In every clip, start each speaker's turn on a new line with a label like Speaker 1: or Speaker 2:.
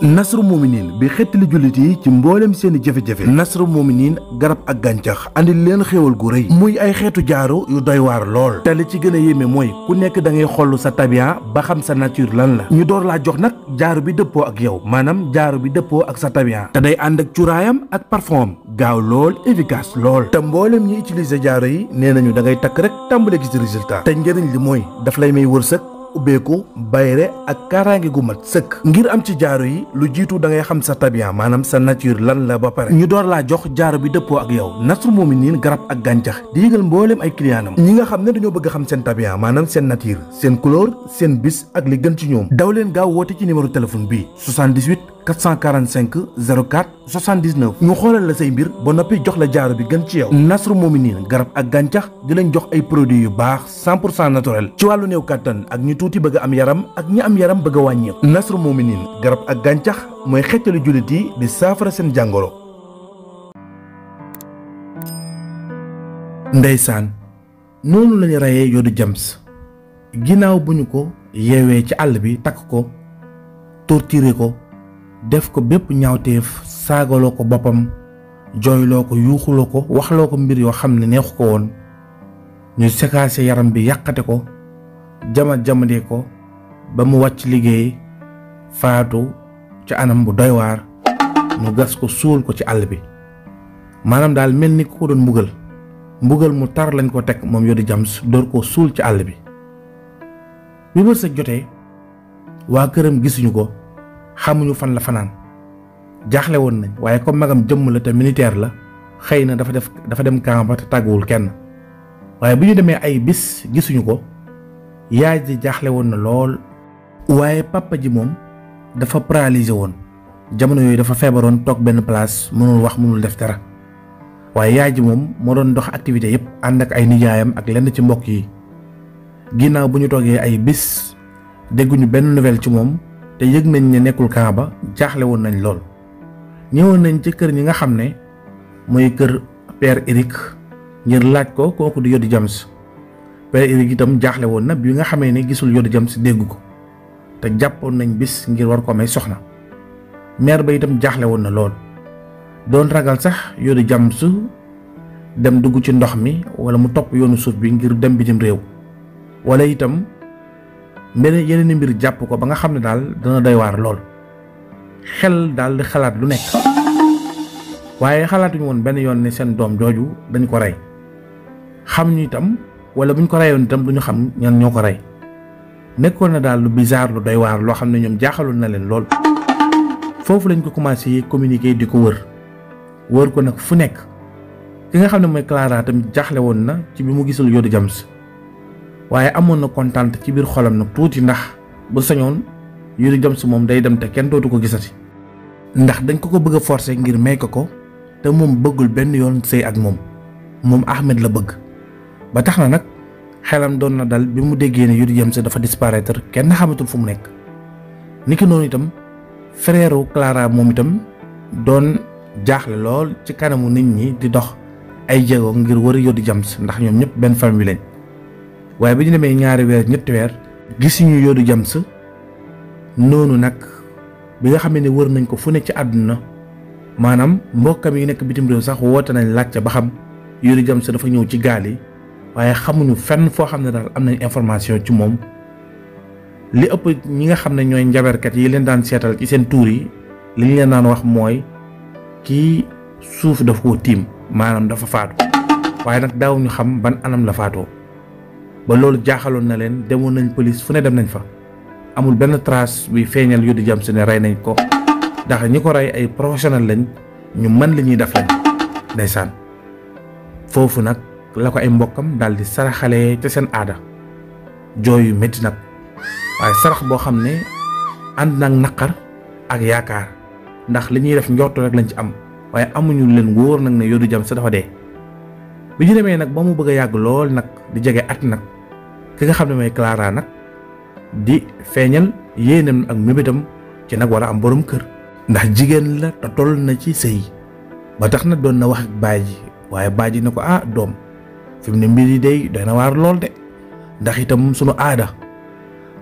Speaker 1: nasru muminin bi xettali jullit yi ci mbooleem seeni i jafe-jafe nasru muminin garab ak gàncax andi leen xéewal gu rëy muy ay xeetu jaaro yu doy waar lool te li ci gën a yéeme mooy ku nekk da ngay xoll sa tabian ba xam sa nature lan la ñu door laa jox nag jaaru bi dëppoo ak yow maanaam jaaro bi dëppoo ak sa tabian te day ànd ak cuuraayam ak parfum am gaaw lool efficace lool te mboolem ñi utiliser jaaro yi nee nañu da ngay takk rek tàmbale gis résultat te njëriñ li mooy daf lay may wërsëg ubbeeku bayre ak kaaraange gu mat sëkk ngir am ci jaaro yi lu jiitu da ngay xam sa tabian maanaam sa nature lan la ba pare ñu door laa jox jaaro bi dëppoo ak yow Nasrul Muminin garab ak gàncax di yëgal mbooleem ay clientam ñi nga xam ne dañoo bëgg xam seen tabian maanaam seen nature seen couleur seen bis ak li gën ci ñoom daw leen gaaw woote ci numéro téléphone bi 78 445 04 79 ñu xoolal la say mbir ba noppi jox la jaaro bi gën ci yow Nasru Mominin garab ak gàncax di leen jox ay produit yu baax 100 pour cent naturel ci wàllu néew kàttan ak ñu tuuti bëgg am yaram ak ñi am yaram bëgg a wàññeeku Nasru Mominin garab ak gàncax mooy xettali jullit yi di saafara seen jàngoro. Ndeysaan noonu lañu rayee Yodou Jams ginnaaw bu ñu ko yeewee ci àll bi takk ko torturé ko. def ko bépp ñaawteef saagaloo ko boppam jooyloo ko yuuxuloo ko waxloo ko mbir yoo xam ne neexu ko woon ñu sekaase yaram bi yàqate ko jama-jamade ko ba mu wàcc liggéey faatu ci anam bu doy waar ñu gas ko suul ko ci àll bi maanaam daal mel ni ku ko doon mbugal mbugal mu tar lañ ko teg moom Yodi Jams door koo suul ci àll bi bi wërsëg jotee waa këram gisuñu ko xamuñu fan la fanaan jaaxle woon nañ waaye comme magam jëmm la te militaire la xëy na dafa def dafa dem camp ba te tàgguwul kenn waaye bu ñu demee ay bis gisuñu ko yaay ji jaaxle woon na lool waaye papa ji moom dafa paralysé woon jamono yooyu dafa feebaroon toog benn place mënul wax mënul def dara waaye yaay ji moom moo doon dox activité yëpp ànd ak ay nijaayam ak lenn ci mbokk yi ginnaaw bu ñu toogee ay bis dégguñu benn nouvelle ci moom te yëg nañ ne nekkul Kaaba jaaxle woon nañ lool ñëwoon nañ ci kër ñi nga xam ne mooy kër Père Éric ngir laaj ko kooku di Yodi Jams Père Éric yitam jaaxle woon na bi nga xamee ne gisul Yodi Jams dégg ko te jàppoon nañ bis ngir war ko may soxna mère ba itam jaaxle woon na lool doon ragal sax Yodi Jams dem dugg ci ndox mi wala mu topp yoonu suuf bi ngir dem bitim réew wala itam beneen yeneen mbir jàpp ko ba nga xam ne daal dana doy waar lool xel daal di xalaat lu nekk waaye xalaatuñu woon benn yoon ne seen doom jooju dañ ko rey xam ñu itam wala buñ ko reyoon itam duñu xam ñan ñoo ko rey nekkoon na daal lu bizarre lu doy waar loo xam ne ñoom jaaxaloon na leen lool foofu lañ ko commencé communiquer di ko wër wër ko nag fu nekk ki nga xam ne mooy Clara tamit jaaxle woon na ci bi mu gisul Yodou Jams waaye amoon na kontaan ci biir xolam nag tuuti ndax bu sañoon yu jëm si moom day dem te kenn dootu ko gisati ndax dañ ko ko bëgg a forcer ngir may ko ko te moom bëggul benn yoon sëy ak moom moom Ahmed la bëgg ba tax na nag xelam doon na dal bi mu déggee ne Yuri James dafa disparaître kenn xamatul fu mu nekk niki noonu itam frère Clara moom itam doon jaaxle lool ci kanamu nit ñi di dox ay jéego ngir wër Yuri James ndax ñoom ñëpp benn famille waaye bi ñu demee ñaari weer ñetti weer gisuñu yoodu jams noonu nag bi nga xam ne wër nañ ko fu ne ci àdduna maanaam mbokkam yi nekk bitim réew sax woote nañ laajte ba xam yoodu jams dafa ñëw ci gaal yi waaye xamuñu fenn foo xam ne daal am nañ information ci moom li ëpp ñi nga xam ne ñooy njaberkat yi leen daan seetal ci seen tuur yi li ñu leen daan wax mooy kii suuf dafa ko tiim maanaam dafa faatu waaye nag daawuñu xam ban anam la faatoo ba loolu jaaxaloon na leen demoon nañ police fu ne dem nañ fa amul benn trace bi feeñal Yudu Jamsu ne rey nañ ko ndax ñi ko rey ay professionnel lañ ñu man li ñuy def lañ ndeysaan foofu nag la ko ay mbokkam daal di saraxalee ca seen aada jooy yu métti nag waaye sarax boo xam ne ànd nag naqar ak yaakaar ndax li ñuy def njortu rek lañ ci am waaye amuñu leen wóor nag ne Yudu Jamsu dafa dee bi ñu demee nag ba mu bëgg yàgg lool nag di jege at nag ki nga xam ne mooy Clara nag di feeñal yéenam ak mébétam ci nag war am boroom kër ndax jigéen la te toll na ci sëy ba tax na doon na wax ak baay ji waaye baay ji ne ko ah doom fi ne mbir yi day doy na waar lool de ndax itam sunu aada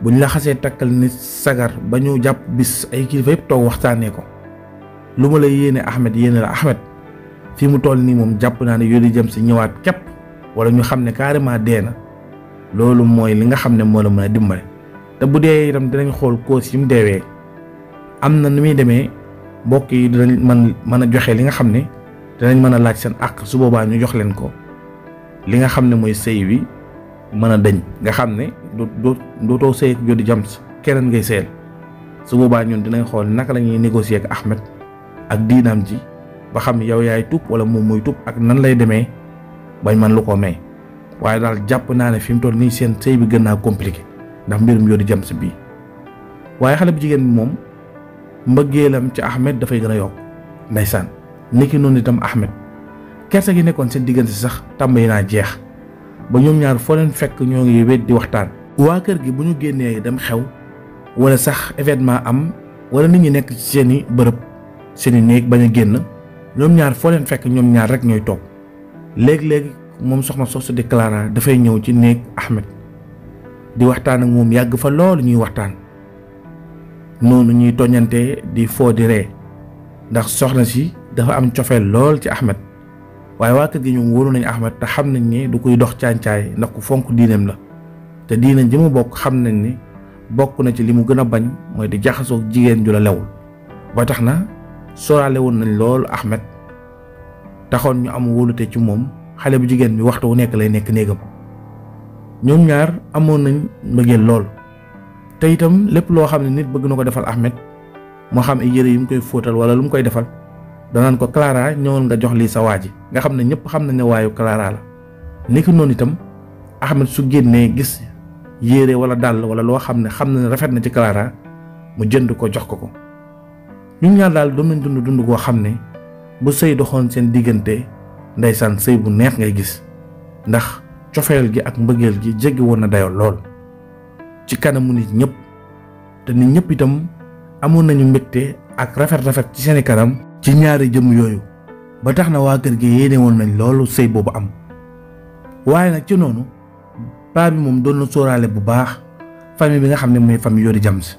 Speaker 1: buñ la xasee takkal ni sagar ba ñu jàpp bis ay kilifa yëpp toog waxtaanee ko lu ma la yéene Ahmed yéene la Ahmed fi mu toll nii moom jàpp naa ne yooyu di jëm si ñëwaat képp wala ñu xam ne carrément dee na loolu mooy li nga xam ne moo la mën a dimbale te bu dee itam dinañ xool cause yi mu deewee am na nu muy demee mbokk yi dinañ man mën a joxe li nga xam ne dinañ mën a laaj seen àq su boobaa ñu jox leen ko li nga xam ne mooy sëy bi mën a dañ nga xam ne doo dootoo sëy ak jodi jams keneen ngay sëyal su boobaa ñun dinañ xool naka lañuy ñuy négocier ak Ahmed ak diinaam ji ba xam yow yaay tub wala moom muy tub ak nan lay demee bañ man lu ko may waaye daal jàpp naa ne fi mu toll nii seen sëy bi gën naa compliqué ndax mbirum Yodi Jams bii waaye xale bu jigéen bi moom mbëggeelam ci Ahmed dafay gën a yokk ndeysaan niki noonu itam Ahmed kersa gi nekkoon seen diggante si sax tàmbali naa jeex ba ñoom ñaar foo leen fekk ñoo ngi wet di waxtaan. waa kër gi bu ñu génnee dem xew wala sax événement am wala nit ñi nekk ci seen i bërëb seen i néeg bañ a génn ñoom ñaar foo leen fekk ñoom ñaar rek ñooy toog moom soxna soosu di Clara dafay ñëw ci néeg Ahmed di waxtaan ak moom yàgg fa loolu ñuy waxtaan noonu ñuy toñante di foo di ndax soxna si dafa am cofeel lool ci Ahmed waaye waa gi ñoom wóolu nañu Ahmed te xam nañ ne du koy dox caancaay ndax ku fonk diineem la te diine ji mu bokk xam nañ ni bokk na ci li mu gën a bañ mooy di jaxasoo jigéen ju la lewul ba na sóoraale woon nañ loolu Ahmed taxoon ñu am wóolute ci moom xale bu jigéen bi waxtu wu nekk lay nekk néegam ñoom ñaar amoon nañ mbëggeel lool te itam lépp loo xam ne nit bëgg na ko defal Ahmed moo xam yére yu mu fóotal wala lu mu koy defal danaan ko Clara ñëwal nga jox lii sa waa ji nga xam ne ñëpp xam nañ waayu Clara la nekk noonu itam Ahmed su génnee gis yére wala dàll wala loo xam ne xam na ne rafet na ci Clara mu jënd ko jox ko ko ñun ñaar daal doon nañ dund dund koo xam ne bu sëy doxoon seen diggante. ndeysaan sëy bu neex ngay gis ndax cofeel gi ak mbëggeel gi jéggi woon na dayoo lool ci kanamu nit ñëpp te nit ñëpp itam amoon nañu mbégte ak rafet rafet ci seeni kanam ci ñaari jëm yooyu ba tax na waa kër gi yéene woon nañ loolu sëy boobu am waaye nag ci noonu paa bi moom doon na sóoraale bu baax famille bi nga xam ne mooy famille Yori si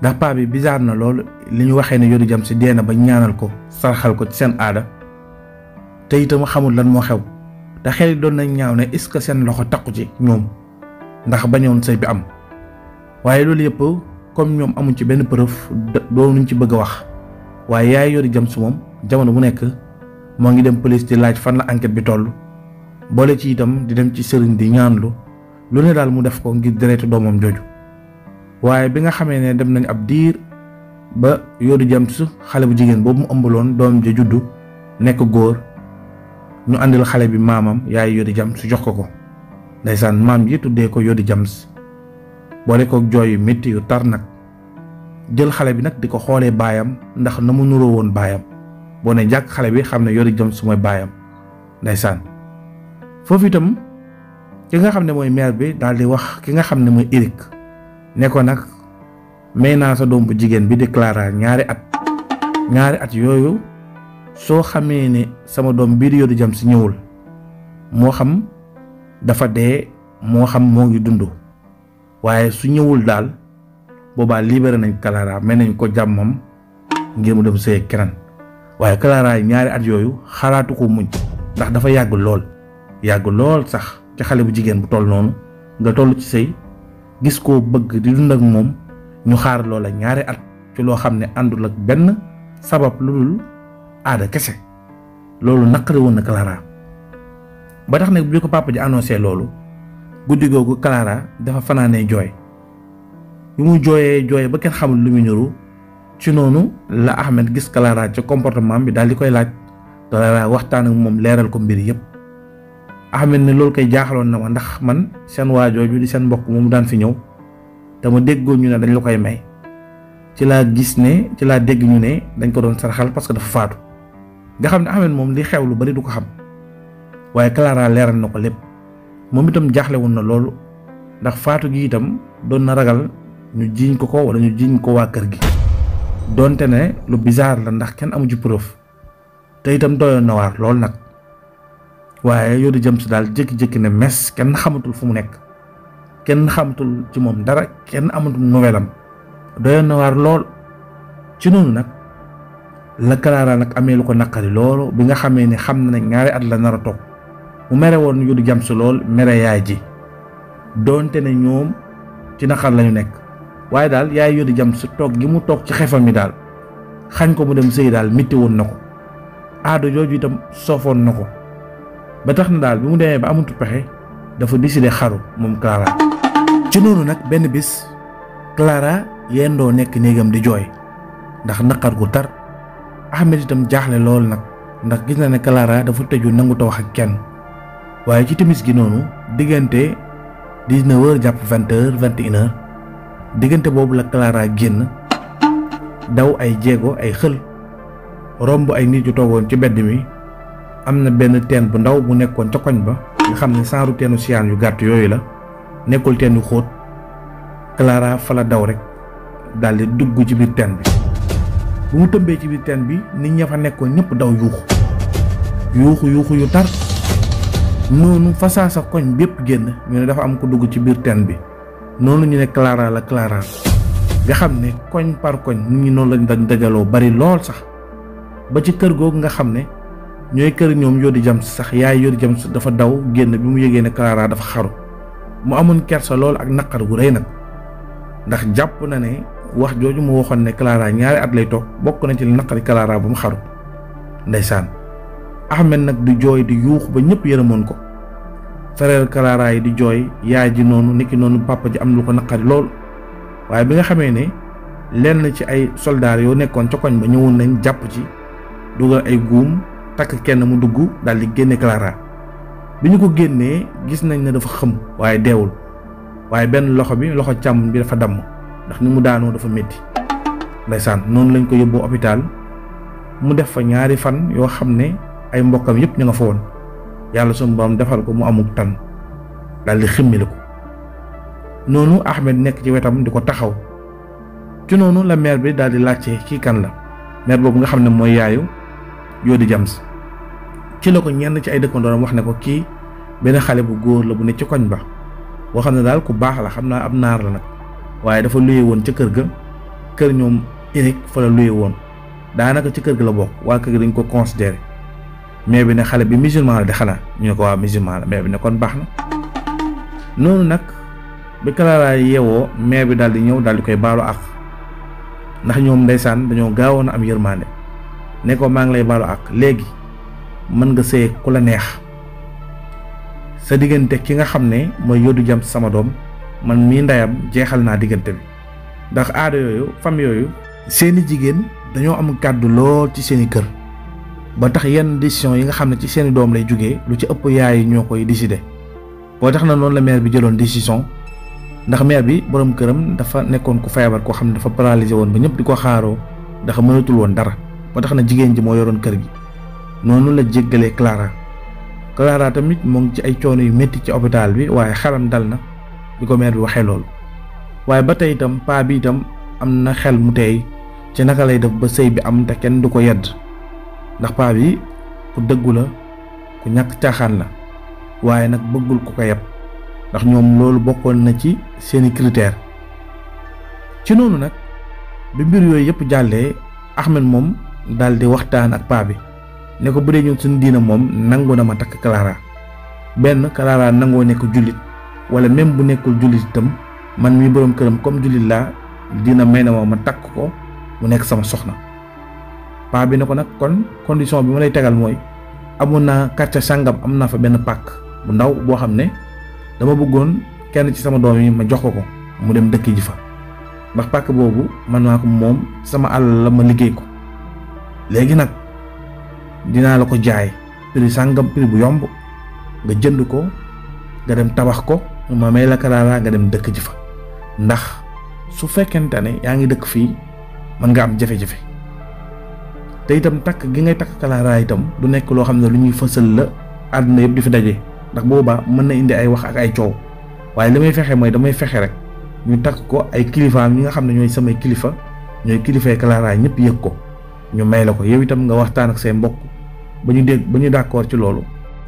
Speaker 1: ndax paa bi bizarre na lool li ñu waxee ne Yori si dee na ba ñaanal ko sarxal ko ci seen aada te itam xamul lan moo xew te xel doon nañ ñaaw ne est-ce que seen loxo takku ci ñoom ndax bañoon sëy bi am waaye loolu yëpp comme ñoom amuñ ci benn preuve doonuñ ci bëgg a wax waaye yaay yori jam su moom jamono bu nekk moo ngi dem police di laaj fan la enquête bi toll boole ci itam di dem ci sëriñ di ñaanlu lu ne daal mu def ko ngir deretu doomam jooju waaye bi nga xamee ne dem nañ ab diir ba yoodu jam su xale bu jigéen boobu mu ëmbaloon doom ja juddu nekk góor ñu àndil xale bi maamam yaay jam su jox ko ko ndeysaan maam ji tuddee ko Yodi Jams boole ko jooy yu métti yu tar nag jël xale bi nag di ko xoolee baayam ndax na mu nuroo woon baayam boo ne jàkk xale bi xam ne Yodi Jams mooy baayam ndeysaan foofu itam ki nga xam ne mooy maire bi daal di wax ki nga xam ne mooy Eric ne ko nag may naa sa doom bu jigéen bi di Clara ñaari at ñaari at yooyu. soo xamee ne sama doom biir di Yodou si ñëwul moo xam dafa dee moo xam moo ngi dund waaye su ñëwul daal boobaa libéré nañ kalaaraa mel nañ ko jàmmam ngir mu dem sëy keneen waaye Clara yi ñaari at yooyu xalaatu ko muñ ndax dafa yàgg lool yàgg lool sax ci xale bu jigéen bu toll noonu nga toll ci sëy gis koo bëgg di dund ak moom ñu xaar loola ñaari at ci loo xam ne àndul ak benn sabab lu dul aada kese loolu naqari woon na Clara ba tax nag bi ko papa ji loolu guddi googu kalaara dafa fanaane jooy bi mu jooyee jooyee ba kenn xamul lu mu niru ci noonu la Ahmed gis kalaara ci comportement bi daal di koy laaj Clara waxtaan moom leeral ko mbir yëpp Ahmed ne loolu koy jaaxaloon na ma ndax man seen waajooju di seen mbokk mu daan fi ñëw te ma déggoon ñu ne dañ la koy may ci laa gis ne ci laa dégg ñu ne dañ ko doon saraxal parce que dafa faatu. nga xam ne Ahmed moom li xew lu bari du ko xam waaye Clara leeral na ko lépp moom itam jaaxle na loolu ndax faatu gi itam doon na ragal ñu jiiñ ko ko wala ñu jiiñ ko waa kër gi donte ne lu bizarre la ndax kenn amu ci preuve te itam doyoon na lool nag waaye Yodou James daal jékki-jékki ne mes kenn xamatul fu mu nekk kenn xamatul ci moom dara kenn amatul nouvelle am doyoon lool ci noonu nag. la Clara nag amee lu ko naqari loolu bi nga xamee ni xam na ne ñaari at la nar a toog mu mere woon yu du jam si lool mere yaay ji doonte na ñoom ci naqar lañu nekk waaye daal yaay yu du jam si toog gi mu toog ci xefam mi daal xañ ko mu dem sëy daal métti woon na ko aado jooju itam soofoon na ko ba tax na daal bi mu demee ba amatu pexe dafa décidé xaru moom Clara ci noonu nag benn bis Clara yendoo nekk néegam di jooy ndax naqar ku tar Ahmed itam jaaxle lool nag ndax gis na ne Clara dafa tëju nangu ta wax ak kenn waaye ci timis gi noonu diggante dix na heures jàpp vingt heures vingt diggante boobu la Clara génn daw ay jéego ay xël romb ay nit yu toogoon ci bedd mi am na benn teen bu ndaw bu nekkoon ca koñ ba nga xam ne saaru teenu siyaan yu gàtt yooyu la nekkul teen yu xóot Clara fala daw rek daldi dugg ci biir teen bi bu mu tëmbee ci biir teen bi nit ña fa nekkoon ñëpp daw yuuxu yuuxu yuuxu yu tar noonu fasaa sa koñ bépp génn ñu ne dafa am ko dugg ci biir teen bi noonu ñu ne Clara la Clara nga xam ne koñ par koñ nit ñi noonu lañ dañ dajaloo bari lool sax ba ci kër googu nga xam ne ñooy kër ñoom Yodi Jams sax yaay Yodi Jams dafa daw génn bi mu yëgee ne Clara dafa xaru mu amoon kersa lool ak naqar gu rëy nag ndax jàpp na ne wax jooju mu waxoon ne Clara ñaari at lay toog bokk na ci li naqari kalaara bu mu xaru ndeysaan Ahmed nag du jooy di yuux ba ñëpp yërëmoon ko frère Clara yi di jooy yaay ji noonu niki noonu papa ji am lu ko naqari lool waaye bi nga xamee ne lenn ci ay soldaar yoo nekkoon ca koñ ba ñëwoon nañ jàpp ci dugal ay guum takk kenn mu dugg daal di génne Clara bi ñu ko génnee gis nañ ne dafa xëm waaye deewul waaye benn loxo bi loxo càmm bi dafa damm ndax ni mu daanoo dafa metti ndeysaan noonu lañ ko yóbbu hôpital mu def fa ñaari fan yoo xam ne ay mbokkam yëpp ñu nga fa woon yàlla suñu borom defal ko mu amuk tan daal di ximmili ko noonu Ahmed nekk ci wetam di ko taxaw ci noonu la mère bi daal di laajte kii kan la meer boobu nga xam ne mooy yaayu di Jams ci la ko ñenn ci ay dëkkandooram wax ne ko kii benn xale bu góor la bu ne ci koñ ba boo xam ne daal ku baax la xam naa ab naar la nag waaye dafa luye woon ca kër ga kër ñoom Eric fa la luye woon daanaka ci kër gi la bokk waa kër gi dañ ko considéré mais bi ne xale bi musulman la di xanaa ñu ne ko waa musulman la mais bi ne kon baax na noonu nag bi Clara yeewoo mais bi daal di ñëw daal di koy baalu àq ndax ñoom ndeysaan dañoo gaawoon a am yërmande ne ko maa ngi lay baalu àq léegi mën nga sëy ku la neex sa diggante ki nga xam ne mooy yoddu jam sama doom man mii ndeyam jeexal naa diggante bi ndax aada yooyu fam yooyu seeni jigéen dañoo am kàddu lool ci seeni kër ba tax yenn décision yi nga xam ne ci seeni doom lay jógee lu ci ëpp yaay yi ñoo koy décider boo tax na noonu la maire bi jëloon décision ndax meer bi boroom këram dafa nekkoon ku feebar koo xam ne dafa paralysé woon ba ñëpp di ko xaaroo ndax mënatul woon dara ba tax na jigéen ji moo yoroon kër gi noonu la jéggalee Clara Clara tamit mu ngi ci ay coono yu métti ci hôpital bi waaye xaram dal na bi bi waxee loolu waaye ba tey itam paa bi itam am na xel mu tey ci naka lay def ba sëy bi am te kenn du ko yedd ndax paa bi ku dëggu la ku ñàkk caaxaan la waaye nag bëggul ku ko yeb ndax ñoom loolu bokkoon na ci seeni critère ci noonu nag bi mbir yooyu yëpp jàllee Ahmed moom daal waxtaan ak paa bi ne ko bu dee ñun suñu diina moom nangu na ma takk Clara benn Clara nangoo nekk jullit wala même bu nekkul jullit itam man mii boroom këram comme jullit laa dina may na ma ma takk ko mu nekk sama soxna paa bi ne ko nag kon condition bi ma lay tegal mooy amoon naa quartier sàngam am naa fa benn pàkk bu ndaw boo xam ne dama bëggoon kenn ci sama doom yi ma jox ko ko mu dem dëkk ji fa ndax pàkk boobu man maa ko moom sama àll la ma liggéey ko léegi nag dinaa la ko jaay prix sàngam prix bu yomb nga jënd ko nga dem tabax ko Mamella Karara nga dem dëkk ji fa ndax su fekkente ne yaa ngi dëkk fii mën nga am jafe-jafe te itam takk gi ngay takk Karara itam du nekk loo xam ne lu ñuy fësal la àdduna yëpp di fi daje ndax booba mën na indi ay wax ak ay coow waaye li may fexe mooy damay fexe rek ñu takk ko ay kilifaam ñi nga xam ne ñooy samay kilifa ñooy kilifay Karara ñëpp yëg ko ñu may la ko yow itam nga waxtaan ak say mbokk ba ñu dégg ba ñu d'accord ci loolu.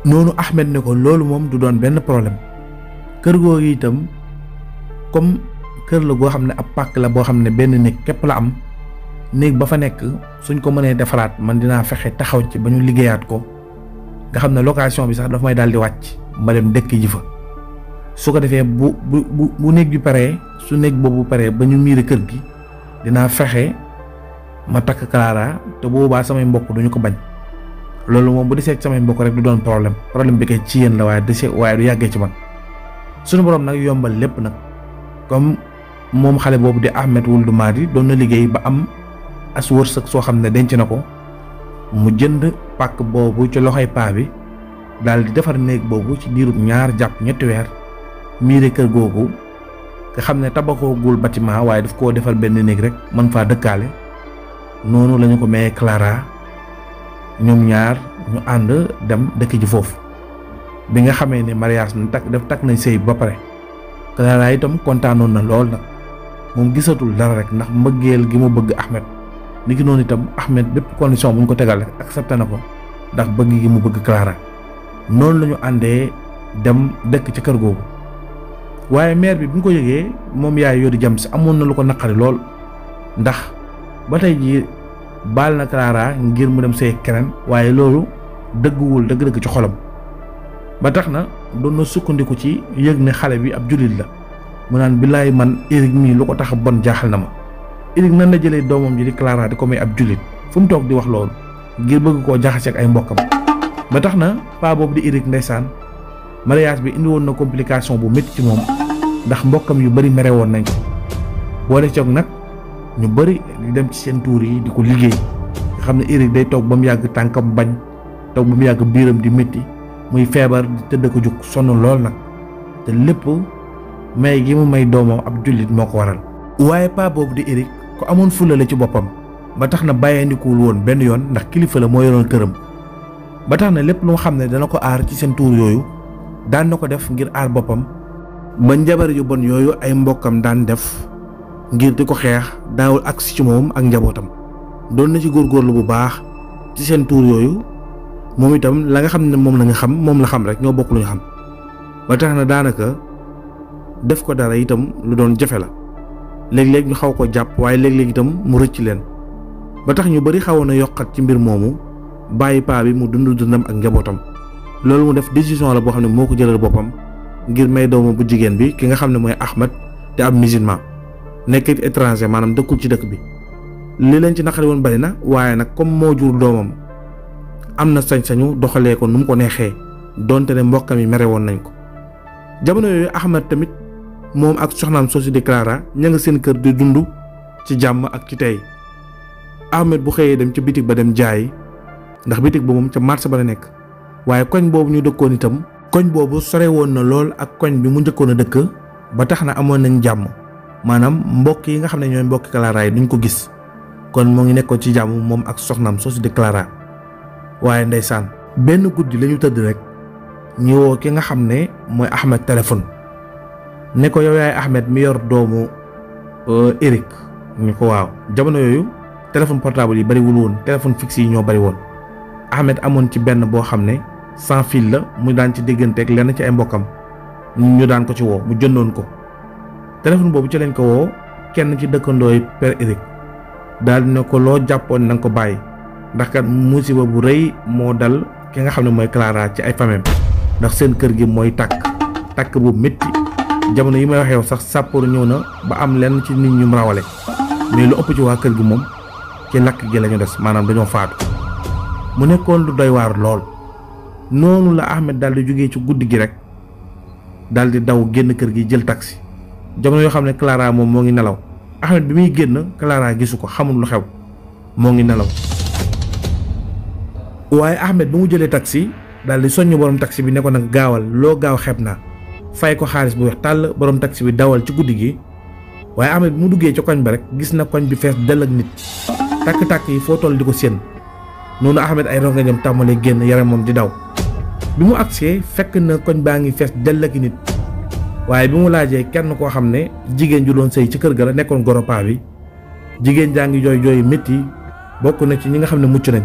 Speaker 1: noonu Ahmed ne ko loolu moom du doon benn problème. kër googu itam comme kër la goo xam ne ab pàkk la boo xam ne benn néeg képp la am néeg ba fa nekk suñ ko mënee defaraat man dinaa fexe taxaw ci ba ñu liggéeyaat ko nga xam ne location bi sax dafa may daal di wàcc ma dem dëkk ji fa su ko defee bu bu bu néeg bi paree su néeg boobu paree ba ñu miire kër gi dinaa fexe ma takk Clara te boobaa samay mbokk duñu ko bañ loolu moom bu desee ak samay mbokk rek du doon problème problème bi kay ci yéen la waaye dese waaye yàggee ci man. sunu borom nag yombal lépp nag comme moom xale boobu di Ahmed Wuld Madi doon na liggéey ba am as wërsëg soo xam ne denc na ko mu jënd pàkk boobu ci loxoy paa bi dal di defar néeg boobu ci diirub ñaar jàpp ñetti weer miire kër googu te xam ne tabaxoogul bâtiment waaye daf koo defar benn néeg rek mën faa dëkkaale noonu lañu ko mayee Clara ñoom ñaar ñu ànd dem dëkk ji foofu bi nga xamee ne mariage na takk def takk nañ sëy ba pare Clara itam kontaanoon na lool nag moom gisatul dara rek ndax mbëggeel gi mu bëgg Ahmed ni ki noonu itam Ahmed bépp condition bu ñu ko tegal rek accepté na ko ndax bëgg gi mu bëgg Clara noonu la ñu àndee dem dëkk ci kër googu waaye maire bi bi ñu ko yëgee moom yaay yori jam si amoon na lu ko naqari lool ndax ba tey jii baal na Clara ngir mu dem see keneen waaye loolu dëgguwul dëgg ci xolam ba tax na doon na sukkandiku ci yëg ne xale bi ab jullit la mu naan billaay man Eric mii lu ko tax bon jaaxal na ma Eric nan la jëlee doomam ji di Clara di ko may ab jullit fu mu toog di wax loolu ngir bëgg koo jaxase ak ay mbokkam ba tax na paa boobu di Eric ndeysaan mariage bi indi woon na complication bu métti ci moom ndax mbokkam yu bari mere woon nañ ko boole coog nag ñu bëri di dem ci seen tuur yi di ko liggéey nga xam ne Eric day toog ba mu yàgg tànkam bañ toog ba mu yàgg biiram di métti muy feebar di tëdd ko jug sonn lool nag te lépp may gi mu may doomam ab jullit moo ko waral waaye pa boobu di Eric ko amoon fulla la ci boppam ba tax na bàyyandikuwul woon benn yoon ndax kilifa la moo yoroon këram ba tax na lépp lu xam ne dana ko aar ci seen tuur yooyu daan na ko def ngir aar boppam ba njabar yu bon yooyu ay mbokkam daan def ngir di ko xeex daawul agsi ci moom ak njabootam doon na ci góorgóorlu bu baax ci seen tuur yooyu moom itam la nga xam ne moom la nga xam moom la xam rek ñoo bokk lu ñu xam ba tax na daanaka def ko dara itam lu doon jafe la léeg-léeg ñu xaw ko jàpp waaye léeg-léeg itam mu rëcc leen ba tax ñu bari xawoon a yokkat ci mbir moomu bàyyi paa bi mu dund dundam ak njabootam loolu mu def décision la boo xam ne moo ko jëlal boppam ngir may doomu bu jigéen bi ki nga xam ne mooy Ahmad te ab musulman nekkit étranger maanaam dëkkul ci dëkk bi li leen ci naqari woon bari na waaye nag comme moo jur doomam am na sañ-sañu doxalee ko nu mu ko neexee donte ne mbokkam yi mere woon nañ ko jamono yooyu Ahmad tamit moom ak soxnaam soosu di Clara ña nga seen kër di dund ci jàmm ak ci tey Ahmad bu xëyee dem ca bitig ba dem jaay ndax bitig ba moom ca marché ba la nekk waaye koñ boobu ñu dëkkoon itam koñ boobu sore woon na lool ak koñ bi mu njëkkoon a dëkk ba tax na amoon nañ jàmm maanaam mbokk yi nga xam ne ñooy mbokki Clara yi duñ ko gis kon moo ngi nekkoon ci jàmm moom ak soxnaam soosu di waaye ndeysaan benn guddi la tëdd rek ñu woo ki nga xam ne mooy Ahmed téléphone ne ko yow yaay Ahmed mi yor doomu euh, Eric ñu ko waaw jamono yooyu téléphone portable yi bariwul woon téléphone fixe yi ñoo bari woon Ahmed amoon ci benn boo xam ne sans fil la mu daan ci digganteeg lenn ci ay mbokkam ñu daan ko ci woo mu jëndoon ko téléphone boobu ci lañ ko woo kenn ci dëkkandooy Père Eric daal di ne ko loo jàppoon na ko bàyyi. ndax kat musiba bu rëy moo dal ki nga xam ne mooy Clara ci ay famem ndax seen kër gi mooy tàkk tàkk bu métti jamono yi may wax sax sàppoor ñëw na ba am lenn ci nit ñu mu rawale mais lu ëpp ci waa kër gi moom ci lakk gi lañu ñu des maanaam dañoo faatu mu nekkoon lu doy waar lool noonu la Ahmed daal di jógee ci guddi gi rek daal di daw génn kër gi jël taxi jamono yoo xam ne Clara moom moo ngi nelaw Ahmed bi muy génn Clara gisu ko xamul lu xew moo ngi nelaw waaye Ahmed ba mu jëlee taxi daal di soññ borom taxi bi nekkoon ko gaawal loo gaaw xeb na fay ko xaalis bu weex tàll borom taksi bi dawal ci guddi gi waaye Ahmed bi mu duggee ci koñ ba rek gis na koñ bi fees dell ak nit tàkk-tàkk yi foo toll di ko séen noonu Ahmed ay rongañam tàmbalee génn yaramam di daw bi mu agsee fekk na koñ baa ngi fees dell ak nit waaye bi mu laajee kenn koo xam ne jigéen ju doon sëy ci kër ga la nekkoon goropa bi jigéen jaa ngi jooy jooy métti bokk na ci ñi nga xam ne mucc nañ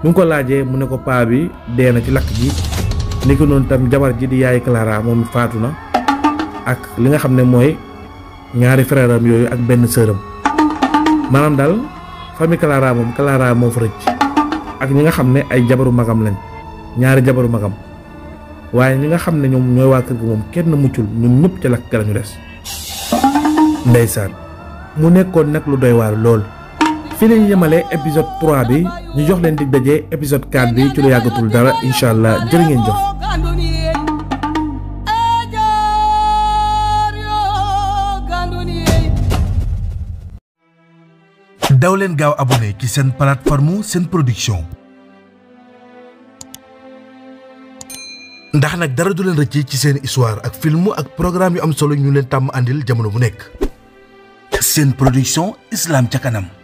Speaker 1: bi mu ko laajee mu ne ko paa bi dee na ci lakk ji ni ko noonu tam jabar ji di yaay Clara moom faatu na ak li nga xam ne mooy ñaari frère yooyu ak benn sœur am maanaam daal famille Clara moom Clara moo fa rëcc ak ñi nga xam ne ay jabaru magam lañ ñaari jabaru magam waaye ñi nga xam ne ñoom ñooy waa kër gi moom kenn muccul ñoom ñëpp ca lakk ga lañu des ndeysaan mu nekkoon nag lu doy waar lool fii la ñu yemale épisode bi ñu jox leen di daje épisode 4 bi ci lu yàggatul dara incha allah jërë ngeen jëf. daw leen gaaw abonné ci seen plateforme seen production ndax nag dara du leen rëcc ci seen histoire ak film ak programme yu am solo ñu leen tàmm àndil jamono bu nekk seen production Islam ca kanam